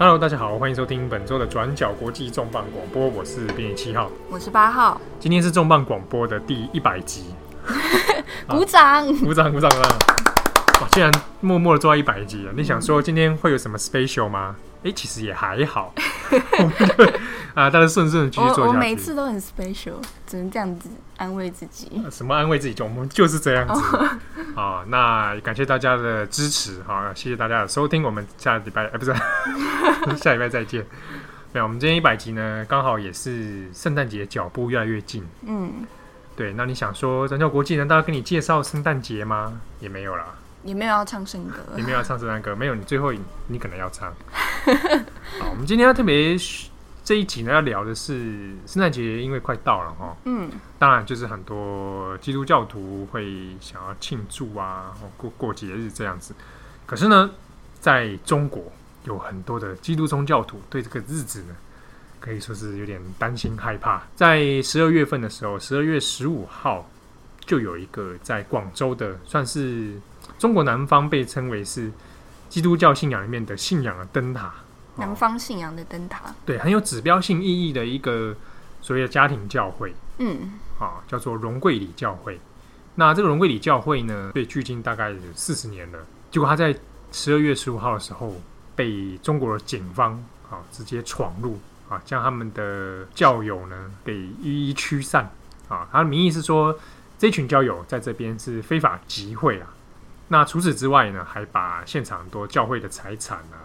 Hello，大家好，歡迎收聽本周的轉角國際重磅廣播，我是編譯七號，我是八號，今天是重磅廣播的第一百集 鼓掌、啊，鼓掌，鼓掌，鼓掌啊！ 哇，竟然默默的做到一百集 你想說今天會有什麼 special 嗎？哎、欸，其實也還好。 對 啊，但是順順的繼續做下去我。我每次都很 special，只能這樣子安慰自己。呃、什麼安慰自己？就我們就是這樣子、oh. 好，那感謝大家的支持哈，謝謝大家的收聽。我們下禮拜哎，欸、不是 下禮拜再見，沒有。我們今天一百集呢，剛好也是聖誕節腳步越來越近。嗯，對。那你想說，轉角國際難道要跟你介紹聖誕節嗎？也沒有啦。你沒有要唱聖歌，你 沒有要唱聖誕歌，沒有，你最後你，你可能要唱。 好，我們今天要特別這一集呢，要聊的是聖誕節，因為快到了哈、哦。嗯，當然就是很多基督教徒會想要慶祝啊，哦、過過節日這樣子。可是呢，在中國有很多的基督宗教徒對這個日子呢，可以說是有點擔心、嗯、害怕。在十二月份的時候，十二月十五號就有一個在廣州的算是。中國南方被稱為是基督教信仰裡面的信仰的燈塔，南方信仰的燈塔、哦，對，很有指標性意義的一個所謂的家庭教會，嗯，啊、哦，叫做榮桂里教會。那這個榮桂里教會呢，距今大概有四十年了。結果他在十二月十五號的時候，被中國的警方啊、哦、直接闖入啊、哦，將他們的教友呢給一一驅散啊。他、哦、的名義是說，這群教友在這邊是非法集會啊。那除此之外呢，還把現場很多教會的財產啊、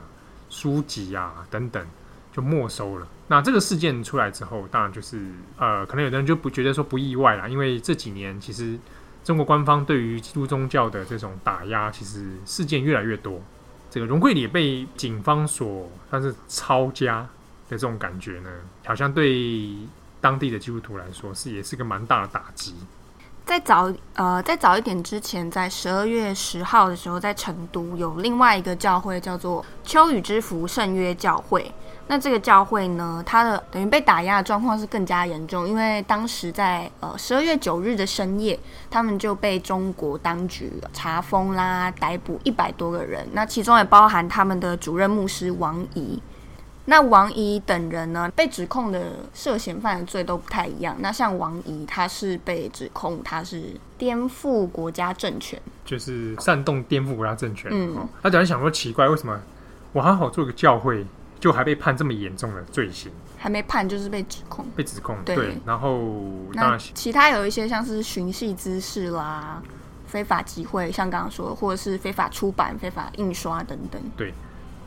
書籍啊等等就沒收了。那這個事件出來之後，當然就是呃，可能有的人就不覺得說不意外了，因為這幾年其實中國官方對於基督宗教的這種打壓，其實事件越來越多。這個榮桂里被警方所算是抄家的這種感覺呢，好像對當地的基督徒來說是也是個蠻大的打擊。在早，呃，在早一點之前，在十二月十號的時候，在成都有另外一個教會叫做“秋雨之福聖約教會”。那這個教會呢，它的等於被打壓的狀況是更加嚴重，因為當時在呃十二月九日的深夜，他們就被中國當局查封啦，逮捕一百多個人，那其中也包含他們的主任牧師王怡。那王怡等人呢，被指控的涉嫌犯的罪都不太一樣。那像王怡，他是被指控他是顛覆國家政權，就是煽動顛覆國家政權。嗯，他只是想說奇怪，為什麼我好好做個教會，就還被判這麼嚴重的罪行？還沒判就是被指控，被指控。對，然後當然那其他有一些像是尋釁滋事啦，非法集會，像剛剛說，或者是非法出版、非法印刷等等。對。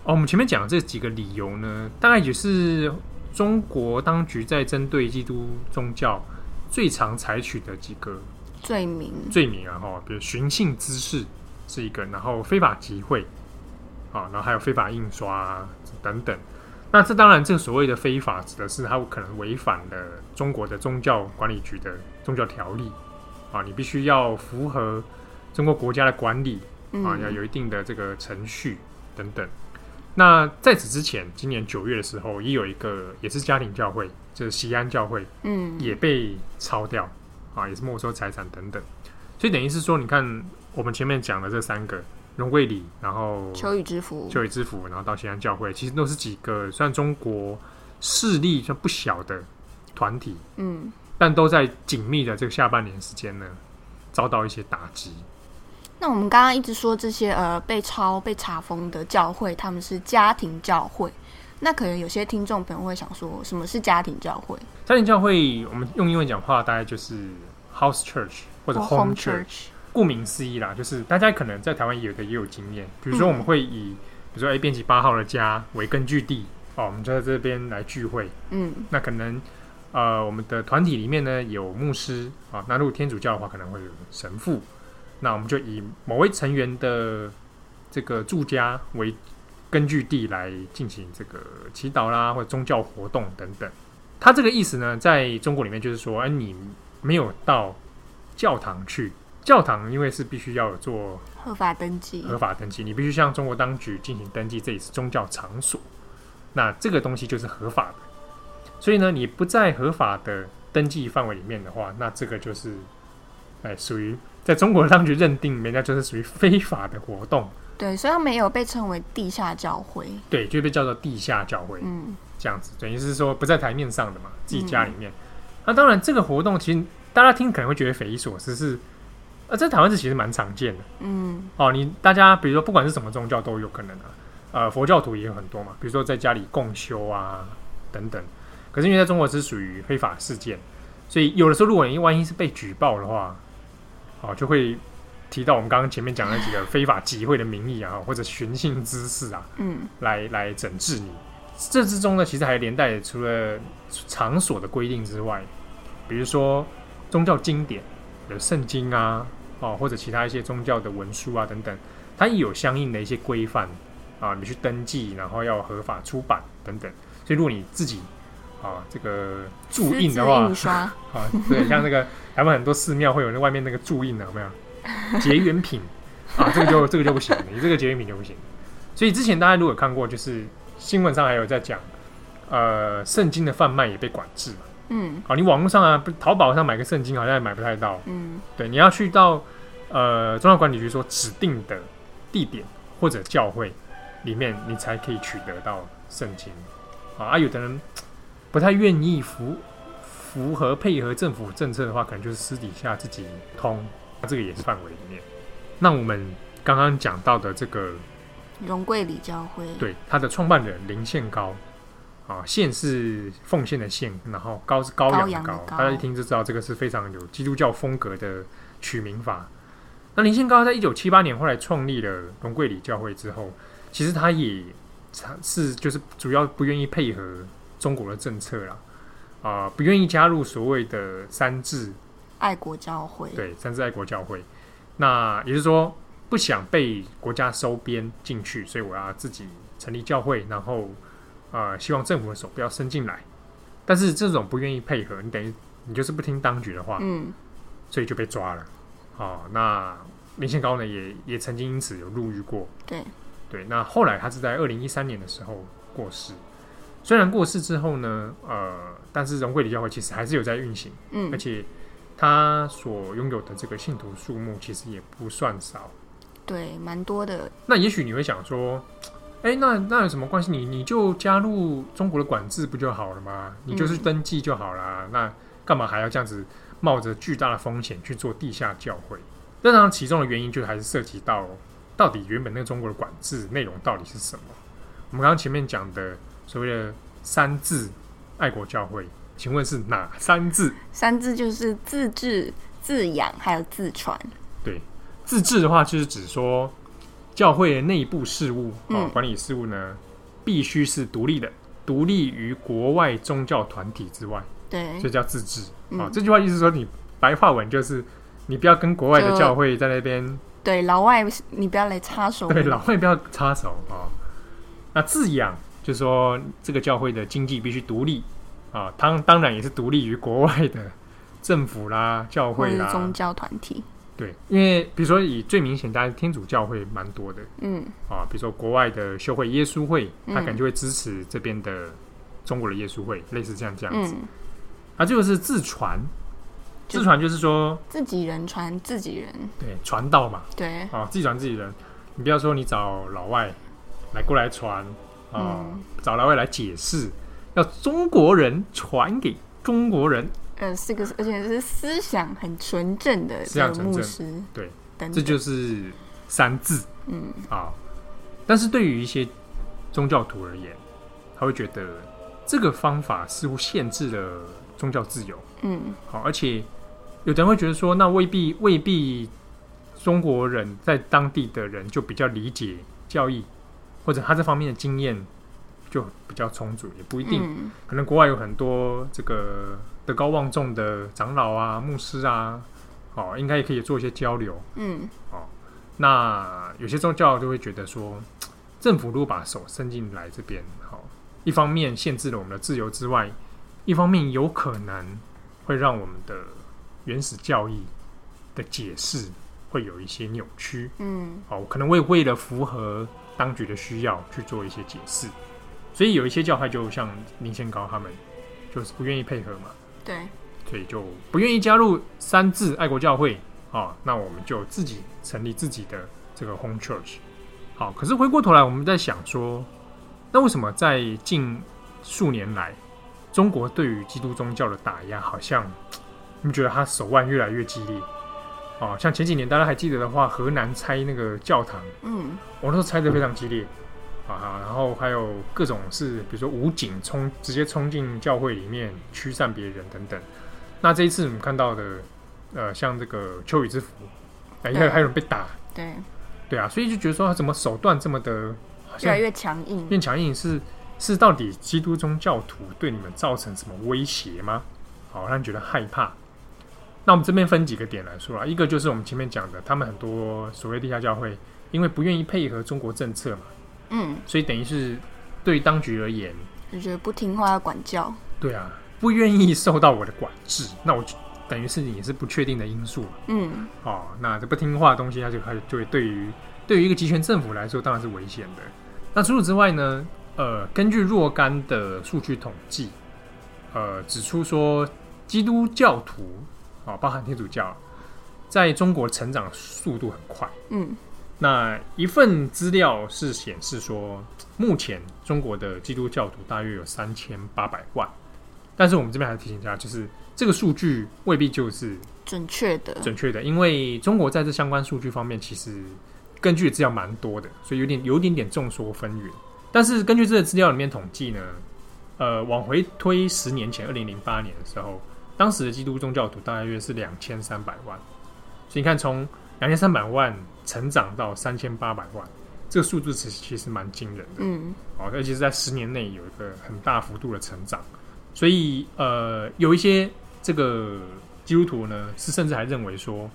哦，我們前面講的這幾個理由呢，大概也是中國當局在針對基督宗教最常採取的幾個罪名。罪名，罪名啊，哈，比如尋釁滋事是一個，然後非法集會啊，然後還有非法印刷、啊、等等。那這當然，這所謂的非法指的是它可能違反了中國的宗教管理局的宗教條例啊，你必須要符合中國國家的管理啊，嗯、要有一定的這個程序等等。那在此之前，今年九月的時候，也有一個也是家庭教會，就是錫安教會，嗯，也被抄掉，啊，也是沒收財產等等。所以等於是說，你看我們前面講的這三個榮桂裡，然後秋雨之福，秋雨之福，然後到錫安教會，其實都是幾個算中國勢力算不小的團體，嗯，但都在緊密的這個下半年時間呢，遭到一些打擊。那我們剛剛一直說這些呃被抄被查封的教會，他們是家庭教會。那可能有些聽眾朋友會想說，什麼是家庭教會？家庭教會，我們用英文講話大概就是 house church 或者 home church。顧名思義啦，就是大家可能在台灣也有的也有經驗，比如說我們會以、嗯、比如說 A 編輯八號的家為根據地哦，我們就在這邊來聚會。嗯，那可能呃我們的團體裡面呢有牧師啊、哦，那如果天主教的話可能會有神父。那我們就以某位成員的這個住家為根據地來進行這個祈禱啦，或者宗教活動等等。他這個意思呢，在中國裡面就是說，哎、欸，你沒有到教堂去，教堂因為是必須要有做合法登記，合法登記，你必須向中國當局進行登記，這也是宗教場所。那這個東西就是合法的，所以呢，你不在合法的登記範圍裡面的話，那這個就是哎屬於。欸在中國當局認定，那就是屬於非法的活動。對，所以它沒有被稱為地下教會。對，就被叫做地下教會。嗯，這樣子等於是說不在台面上的嘛，自己家裡面。那、嗯啊、當然，這個活動其實大家聽可能會覺得匪夷所思是，是啊，在台灣是其實蠻常見的。嗯，哦，你大家比如說不管是什麼宗教都有可能啊，呃，佛教徒也有很多嘛，比如說在家裡共修啊等等。可是因為在中國是屬於非法事件，所以有的時候如果你萬一是被舉報的話。哦，就會提到我們剛剛前面講的幾個非法集會的名義啊，或者尋釁滋事啊，嗯，來來整治你。這之中呢，其實還連帶除了場所的規定之外，比如說宗教經典的聖經啊，哦，或者其他一些宗教的文書啊等等，它也有相應的一些規範啊，你去登記，然後要合法出版等等。所以如果你自己。啊，這個注印的話， 啊，對，像那個台灣很多寺廟會有那外面那個注印的，有沒有？結緣品 啊，這個就這個就不行了， 你這個結緣品就不行。所以之前大家如果有看過，就是新聞上還有在講，呃，聖經的販賣也被管制嘛，嗯，啊，你網絡上啊，淘寶上買個聖經好像也買不太到，嗯，對，你要去到呃宗教管理局所指定的地點或者教會裡面，你才可以取得到聖經，啊，啊，有的人。不太願意符符合配合政府政策的話，可能就是私底下自己通，這個也是範圍裡面。那我們剛剛講到的這個榮桂里教會，對他的創辦人林獻高啊，獻是奉獻的獻，然後高是高陽高，高陽的高，大家一聽就知道這個是非常有基督教風格的取名法。那林獻高在一九七八年後來創立了榮桂里教會之後，其實他也嘗試，就是主要不願意配合。中國的政策啦，啊、呃，不願意加入所謂的三自，愛國教會，對，三自愛國教會。那也就是說，不想被國家收編進去，所以我要自己成立教會，然後，呃，希望政府的手不要伸進來。但是這種不願意配合，你等於你就是不聽當局的話，嗯，所以就被抓了。哦，那林獻羔呢，也也曾經因此有入獄過，對，對。那後來他是在二零一三年的時候過世。雖然過世之後呢，呃，但是榮桂里教會其實還是有在運行，嗯，而且他所擁有的這個信徒數目其實也不算少，對，蠻多的。那也許你會想說，誒、欸，那那有什麼關係？你你就加入中國的管制不就好了嗎？你就是登記就好啦，嗯、那幹嘛還要這樣子冒着巨大的風險去做地下教會？那當然，其中的原因就還是涉及到到底原本那個中國的管制內容到底是什麼。我們剛剛前面講的。所謂的“三自愛國教會，請問是哪三自？三自就是自治、自養，還有自傳。對，自治的話，就是指說教會的內部事務啊、嗯喔，管理事務呢，必須是獨立的，獨立於國外宗教團體之外。對，這叫自治。啊、嗯喔，這句話意思說，你白話文就是你不要跟國外的教會在那邊。對，老外你不要來插手。對，老外不要插手啊、喔。那自養。就是說這個教會的經濟必須獨立啊，他當然也是獨立於國外的政府啦、教會啦、宗教團體。對，因為比如說以最明顯，當然天主教會蠻多的，嗯啊，比如說國外的修會耶穌會，他感覺會支持這邊的中國的耶穌會，嗯、類似這樣這樣子。嗯、啊，這、就是自傳，自傳就是說就自己人傳自己人，對，傳道嘛，對啊，自傳自己人，你不要說你找老外來過來傳。嗯、哦，找來外來解釋，要中國人傳給中國人。呃，是個，而且是思想很純正的這個牧師。思想純正。對，等等這就是三自。嗯，啊、哦，但是對於一些宗教徒而言，他會覺得這個方法似乎限制了宗教自由。嗯，好、哦，而且有人會覺得說，那未必未必，中國人在當地的人就比較理解教義。或者他這方面的經驗就比較充足，也不一定。嗯、可能國外有很多這個德高望重的長老啊、牧師啊，哦，應該也可以做一些交流。嗯，哦，那有些宗教就會覺得說，政府如果把手伸進來這邊，好、哦，一方面限制了我們的自由之外，一方面有可能會讓我們的原始教義的解釋會有一些扭曲。嗯，哦，可能為為了符合。當局的需要去做一些解釋，所以有一些教會就像林獻羔他們，就是不願意配合嘛。對，所以就不願意加入三自愛國教會好、哦，那我們就自己成立自己的這個 home church。好，可是回過頭來，我們在想說，那為什麼在近數年來，中國對於基督宗教的打壓，好像你們覺得他手腕越來越激烈？啊、哦，像前幾年大家還記得的話，河南拆那個教堂，嗯，我那時候拆的非常激烈，嗯、啊，然後還有各種是，比如說武警衝直接衝進教會裡面驅散別人等等。那這一次我們看到的，呃，像這個秋雨之福，哎、欸，還有對還有人被打，對，對啊，所以就覺得說他怎麼手段這麼的越來越強硬，越強硬是是到底基督宗教徒對你們造成什麼威脅嗎？好、哦，讓你覺得害怕。那我們這邊分幾個點來說啊，一個就是我們前面講的，他們很多所謂地下教會，因為不願意配合中國政策嘛，嗯，所以等於是對當局而言，就覺得不聽話要管教，對啊，不願意受到我的管制，那我等於是也是不確定的因素嘛，嗯，哦，那這不聽話的東西，它就開始對對於對於一個集權政府來說，當然是危險的。那除此之外呢，呃，根據若干的數據統計，呃，指出說基督教徒。啊、哦，包含天主教，在中國成長速度很快。嗯，那一份資料是顯示說，目前中國的基督教徒大約有三千八百萬。但是我們這邊還是提醒大家，就是這個數據未必就是準確的，準確的，因為中國在這相關數據方面，其實根據資料蠻多的，所以有點有點點眾說紛紜。但是根據這個資料裡面統計呢，呃，往回推十年前，二零零八年的時候。當時的基督宗教徒大約是兩千三百萬，所以你看從兩千三百萬成長到三千八百萬，這個數字其實其實蠻驚人的，嗯，哦，而且是在十年內有一個很大幅度的成長，所以呃，有一些這個基督徒呢，是甚至還認為說，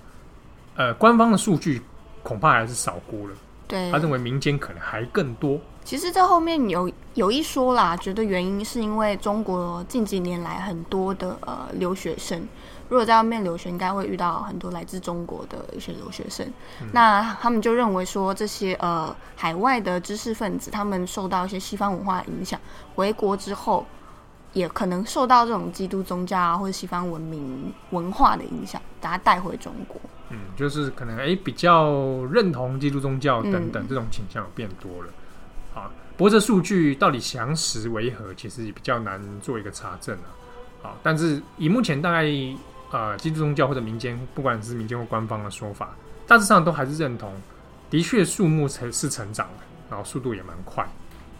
呃，官方的數據恐怕還是少估了，對，他認為民間可能還更多，其實在後面有。有一說啦，覺得原因是因為中國近幾年來很多的呃留學生，如果在外面留學，應該會遇到很多來自中國的一些留學生。嗯、那他們就認為說，這些呃海外的知識分子，他們受到一些西方文化的影響，回國之後也可能受到這種基督宗教啊或者西方文明文化的影響，把它帶回中國。嗯，就是可能誒、欸、比較認同基督宗教等等、嗯、這種傾向變多了好。不過這數據到底詳實為何，其實也比較難做一個查證啊。好，但是以目前大概啊、呃，基督宗教或者民間，不管是民間或官方的說法，大致上都還是認同，的確數目是成長的，然後速度也蠻快。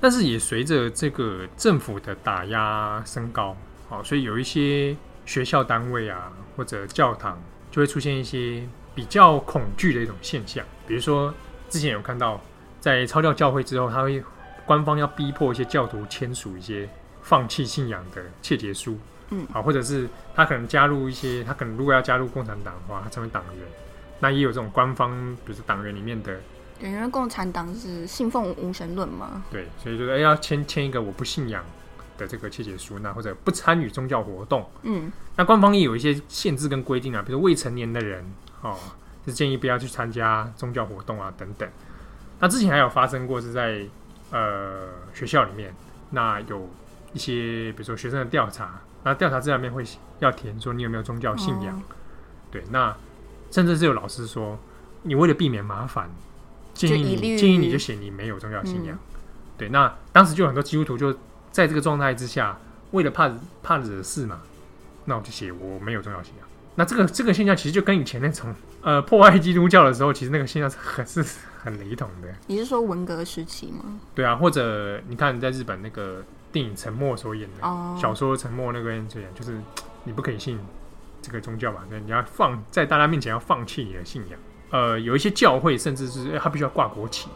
但是也隨着這個政府的打壓升高，好，所以有一些學校單位啊，或者教堂，就會出現一些比較恐懼的一種現象。比如說之前有看到，在抄教、教會之後，他會。官方要逼迫一些教徒簽署一些放棄信仰的切結書，嗯，好、啊，或者是他可能加入一些，他可能如果要加入共產黨的話，他成為黨員，那也有這種官方，比如說黨員裡面的，因為共產黨是信奉無神論嘛。對，所以就是要簽簽一個我不信仰的這個切結書，那或者不參與宗教活動，嗯，那官方也有一些限制跟規定啊，比如未成年的人哦，就建議不要去參加宗教活動啊、等等。那之前還有發生過是在。呃，學校裡面那有一些，比如說學生的調查，那、啊、調查這上面會要填說你有沒有宗教信仰，哦、對，那甚至是有老師說，你為了避免麻煩，建議你建議你就寫你沒有宗教信仰，嗯、對，那當時就很多基督徒就在這個狀態之下，為了怕怕惹事嘛，那我就寫我沒有宗教信仰。那這個這個現象其實就跟以前那種呃破壞基督教的時候，其實那個現象是很是很雷同的。你是說文革時期嗎？對啊，或者你看在日本那個電影《沉默》所演的，小說《沉默》那邊、個、人、oh. 就是你不可以信這個宗教嘛，那你要放在大家面前要放棄你的信仰。呃，有一些教會甚至是、欸、他必須要掛國旗。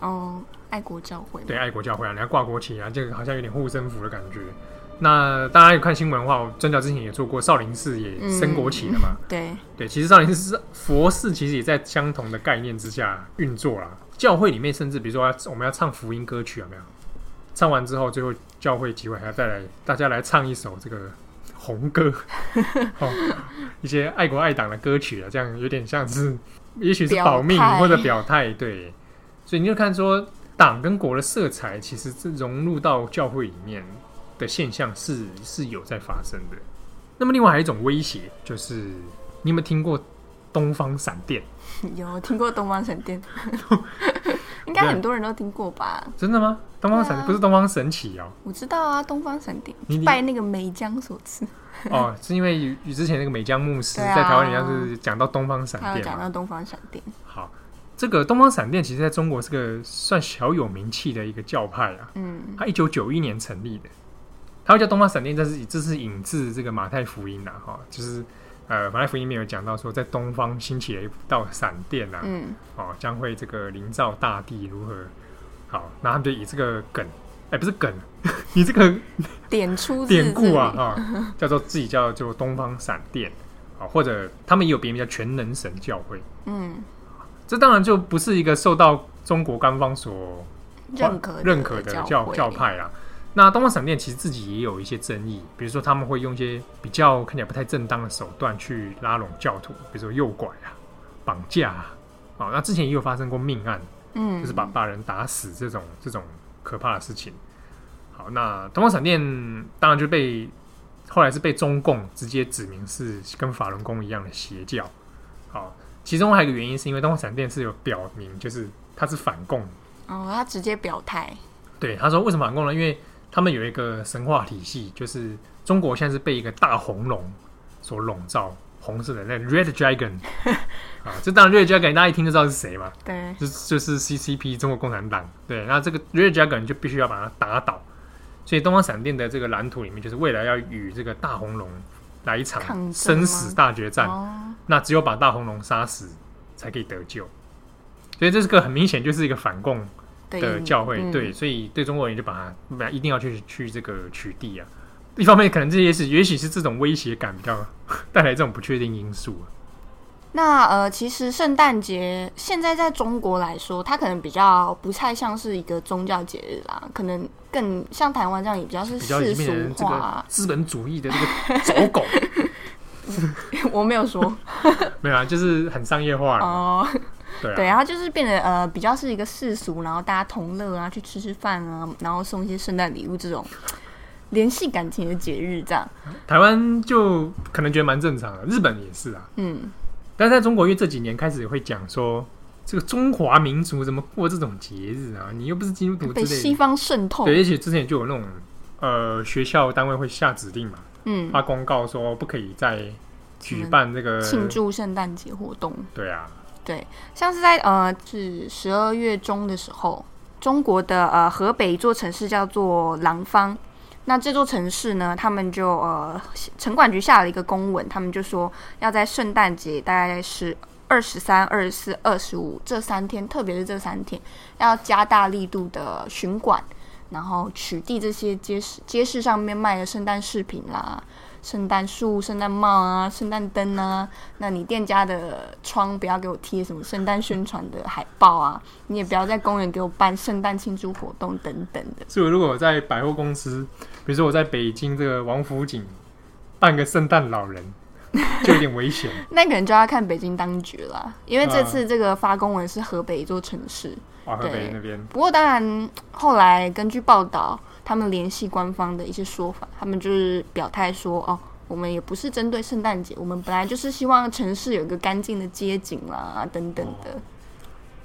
哦，oh, 愛國教會。對，愛國教會啊，你要掛國旗啊，這個好像有點護身符的感覺。那大家有看新聞的話，我宗教之前也做過，少林寺也升國旗了嘛？嗯、對對，其實少林寺是佛寺，其實也在相同的概念之下運作啦。教會裡面，甚至比如說我們要唱福音歌曲，有沒有？唱完之後，最後教會聚會還要再來，大家來唱一首這個紅歌， 哦，一些愛國愛黨的歌曲啊，這樣有點像是，也許是保命或者表態。表態，對，所以你就看說黨跟國的色彩，其實是融入到教會裡面。的現象是是有在發生的。那麼，另外還有一種威脅，就是你有沒有聽過東方閃電？ 有聽過東方閃電， 應該很多人都聽過吧？ 真的嗎？東方閃電、啊、不是東方神奇哦，喔。我知道啊，東方閃電拜那個美江所賜 哦，是因為與之前那個美江牧師、啊、在台灣，裡面是講到東方閃電，講到東方閃電。好，這個東方閃電其實在中國是個算小有名氣的一個教派啊。嗯，它一九九一年成立的。他會叫東方閃電，這是這是引自這個馬太福音吶、啊，哈、哦，就是呃馬太福音裡面有講到說，在東方興起了一道閃電吶、啊，嗯，哦，將會這個臨照大地，如何好？那他們就以這個梗，哎、欸，不是梗，以這個典出典故啊啊、哦，叫做自己叫做東方閃電啊、哦，或者他們也有別名叫全能神教會，嗯，這當然就不是一個受到中國官方所認可認可的教可的教，教派啦。那東方閃電其實自己也有一些爭議，比如說他們會用一些比較看起來不太正當的手段去拉攏教徒，比如說誘拐啊、綁架啊，哦，那之前也有發生過命案，嗯，就是把大人打死這種這種可怕的事情。好，那東方閃電當然就被後來是被中共直接指明是跟法輪功一樣的邪教。好，其中還有一個原因是因為東方閃電是有表明，就是他是反共。哦，他直接表態。對，他說為什麼反共呢？因為他們有一個神話體系，就是中國現在是被一個大紅龍所籠罩，紅色的那個 Red Dragon 啊，這當然 Red Dragon 大家一聽就知道是誰嘛，對，就就是 CCP 中國共產黨，對，那這個 Red Dragon 就必須要把它打倒，所以東方閃電的這個藍圖裡面，就是未來要與這個大紅龍來一場生死大決戰，oh. 那只有把大紅龍殺死才可以得救，所以這是個很明顯就是一個反共。的教會、嗯、對，所以對中國人也就把它，一定要去去這個取締啊。一方面，可能這也是，也許是這種威脅感比較帶來這種不確定因素、啊。那呃，其實聖誕節現在在中國來說，它可能比較不太像是一個宗教節日啦，可能更像台灣這樣，也比較是世俗化比較以這個資本主義的這個走狗。 我沒有說， 沒有啊，就是很商業化了。Oh. 對、啊，然後、啊、就是變得呃比較是一個世俗，然後大家同樂啊，去吃吃飯啊，然後送一些聖誕禮物這種，聯繫感情的節日這樣。台灣就可能覺得蠻正常的，日本也是啊，嗯。但是在中國，因為這幾年開始也會講說，這個中華民族怎麼過這種節日啊？你又不是基督徒之類的，被西方滲透。對，而且之前就有那種呃學校單位會下指令嘛，嗯，發公告說不可以再舉辦這個慶祝聖誕節活動。對啊。對，像是在呃，是十二月中的時候，中國的呃河北一座城市叫做廊坊，那這座城市呢，他們就呃城管局下了一個公文，他們就說要在聖誕節大概是二十三、二十四、二十五這三天，特別是這三天，要加大力度的巡管，然後取締這些街市街市上面賣的聖誕飾品啦。聖誕樹、聖誕帽啊，聖誕燈啊，那你店家的窗不要給我貼什麼聖誕宣傳的海報啊，你也不要在公園給我辦聖誕慶祝活動等等的。所以，如果我在百貨公司，比如說我在北京這個王府井辦個聖誕老人，就有點危險。 那可能就要看北京當局了，因為這次這個發公文是河北一座城市，啊、對、啊，河北那邊。不過，當然後來根據報道。他們聯繫官方的一些說法，他們就是表態說：“哦，我們也不是針對聖誕節，我們本來就是希望城市有一個乾淨的街景啦，等等的。哦”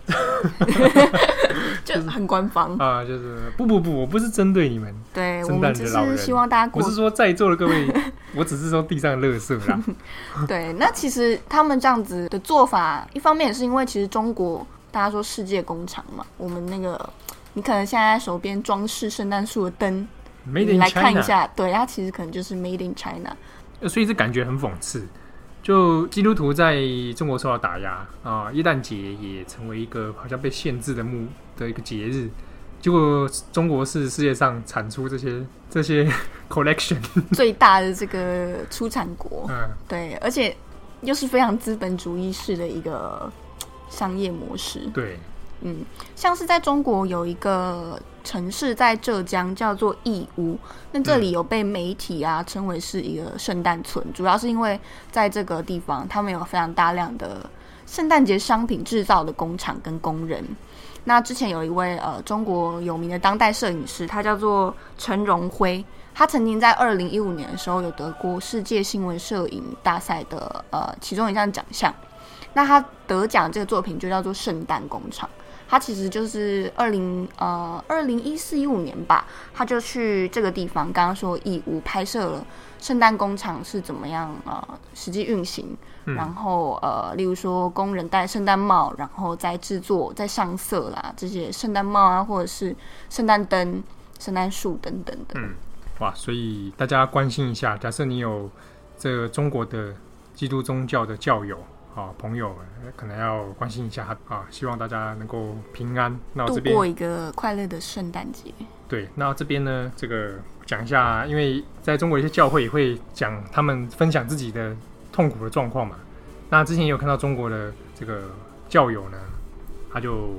就很官方、就是、啊！就是不不不，我不是針對你們，對，我們只是希望大家， 我是說在座的各位，我只是說地上垃圾啦。 對，那其實他們這樣子的做法，一方面也是因為其實中國大家說世界工廠嘛，我們那個。你可能現在在手邊裝飾聖誕樹的燈，Made in China。你來看一下，對它其實可能就是 Made in China。所以這感覺很諷刺，就基督徒在中國受到打壓啊，耶誕節也成為一個好像被限制的目的一個節日。結果中國是世界上產出這些這些 collection 最大的這個出產國，嗯，對，而且又是非常資本主義式的一個商業模式，對。嗯，像是在中國有一個城市在浙江叫做義烏，那這裡有被媒體啊稱為是一個聖誕村，嗯、主要是因為在這個地方他們有非常大量的聖誕節商品制造的工廠跟工人。那之前有一位呃中國有名的當代攝影師，他叫做陳榮輝，他曾經在二零一五年的時候有得過世界新聞攝影大賽的呃其中一項獎項。那他得獎這個作品就叫做《聖誕工廠》。他其實就是二零呃二零一四一五年吧，他就去這個地方，剛剛說義烏拍攝了聖誕工廠是怎麼樣啊、呃，實際運行，嗯、然後呃，例如說工人戴聖誕帽，然後再制作、再上色啦，這些聖誕帽啊，或者是聖誕燈、聖誕樹等等的。嗯，哇，所以大家關心一下，假設你有這個中國的基督宗教的教友。啊、哦，朋友，可能要關心一下啊，希望大家能夠平安。那度過一個快樂的聖誕節。對，那這邊呢，這個講一下，因為在中國一些教會也會講他們分享自己的痛苦的狀況嘛。那之前也有看到中國的這個教友呢，他就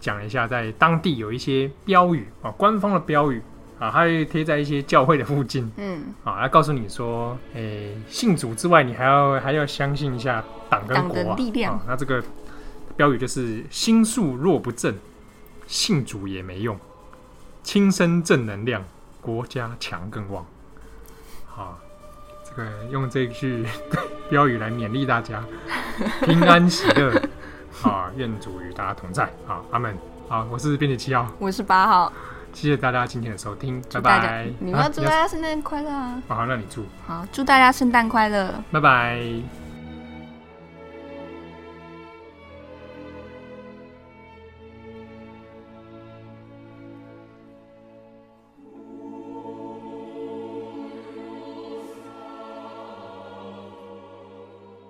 講了一下，在當地有一些標語啊，官方的標語。啊，它又貼在一些教會的附近，嗯，啊，要告訴你說，誒、欸，信主之外，你還要還要相信一下黨跟國啊，黨的力量啊，那這個標語就是“心術若不正，信主也沒用；親身正能量，國家強更旺。”啊”好，這個用這句標語來勉勵大家，平安喜樂。 啊，願主與大家同在，啊，阿門，啊，我是編輯七號，我是八號。謝謝大家今天的收聽，拜拜！你們要祝大家聖誕快樂啊！啊，哦，好，那你祝，好祝大家聖誕快樂，拜拜！